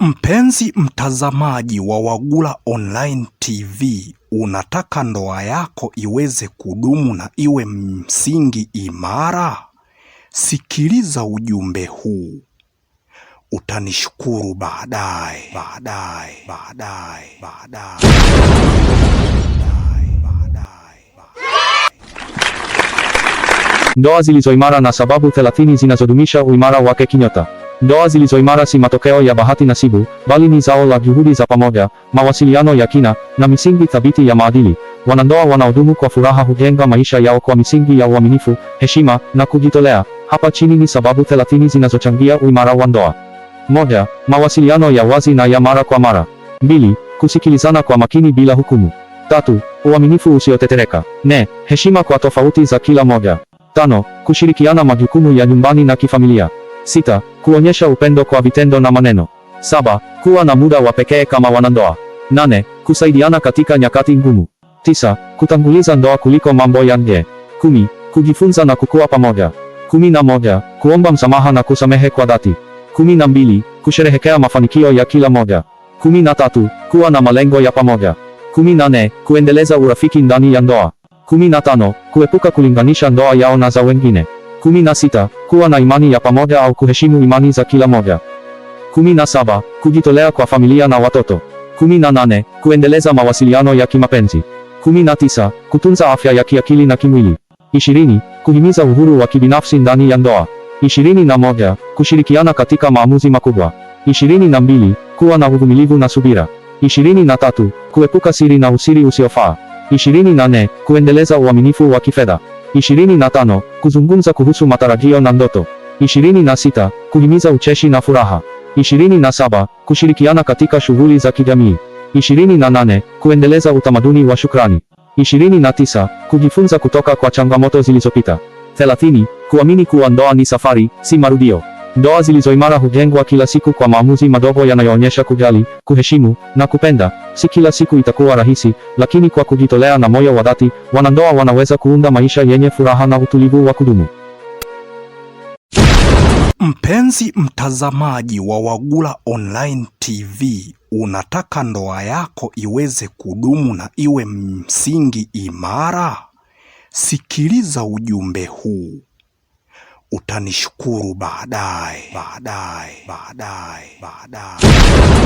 Mpenzi mtazamaji wa Wagula Online TV, unataka ndoa yako iweze kudumu na iwe msingi imara? Sikiliza ujumbe huu, utanishukuru baadaye, baadaye, baadaye, baadaye. Ndoa zilizoimara na sababu 30 zinazodumisha uimara wake kinyota. Ndoa zilizoimara si matokeo ya bahati nasibu, bali ni zao la juhudi za pamoja, mawasiliano ya kina, na misingi thabiti ya maadili. Wanandoa wanaodumu kwa furaha hujenga maisha yao kwa misingi ya uaminifu, heshima, na kujitolea. Hapa chini ni sababu 30 zinazochangia uimara wa ndoa. Moja, mawasiliano ya wazi na ya mara kwa mara. Mbili, kusikilizana kwa makini bila hukumu. Tatu, uaminifu usiotetereka. Nne, heshima kwa tofauti za kila moja. Tano, kushirikiana majukumu ya nyumbani na kifamilia. Sita, kuonyesha upendo kwa vitendo na maneno. Saba, kuwa na muda wa pekee kama wanandoa. Nane, kusaidiana katika nyakati ngumu. Tisa, kutanguliza ndoa kuliko mambo ya nje. Kumi, kujifunza na kukua pamoja. Kumi na moja, kuomba msamaha na kusamehe kwa dhati. Kumi na mbili, kusherehekea mafanikio ya kila moja. Kumi na tatu, kuwa na malengo ya pamoja. Kumi na nne, kuendeleza urafiki ndani ya ndoa. Kumi na tano, kuepuka kulinganisha ndoa yao na za wengine. Kumi na sita, kuwa na imani ya pamoja au kuheshimu imani za kila moja. Kumi na saba, kujitolea kwa familia na watoto. Kumi na nane, kuendeleza mawasiliano ya kimapenzi. Kumi na tisa, kutunza afya ya kiakili na kimwili. Ishirini, kuhimiza uhuru wa kibinafsi ndani ya ndoa. Ishirini na moja, kushirikiana katika maamuzi makubwa. Ishirini na mbili, kuwa na uvumilivu na subira. Ishirini na tatu, kuepuka siri na usiri usiofaa. Ishirini na nne, kuendeleza uaminifu wa kifedha ishirini na tano Kuzungumza kuhusu matarajio na ndoto. ishirini na sita Kuhimiza ucheshi na furaha. ishirini na saba Kushirikiana katika shughuli za kijamii. ishirini na nane Kuendeleza utamaduni wa shukrani. ishirini na tisa Kujifunza kutoka kwa changamoto zilizopita. thelathini Kuamini kuwa ndoa ni safari, si marudio. Ndoa zilizoimara hujengwa kila siku kwa maamuzi madogo yanayoonyesha kujali, kuheshimu na kupenda. Si kila siku itakuwa rahisi, lakini kwa kujitolea na moyo wa dhati, wanandoa wanaweza kuunda maisha yenye furaha na utulivu wa kudumu. Mpenzi mtazamaji wa Wagula Online TV, unataka ndoa yako iweze kudumu na iwe msingi imara? Sikiliza ujumbe huu utanishukuru baadaye, baadaye, baadaye, baadaye.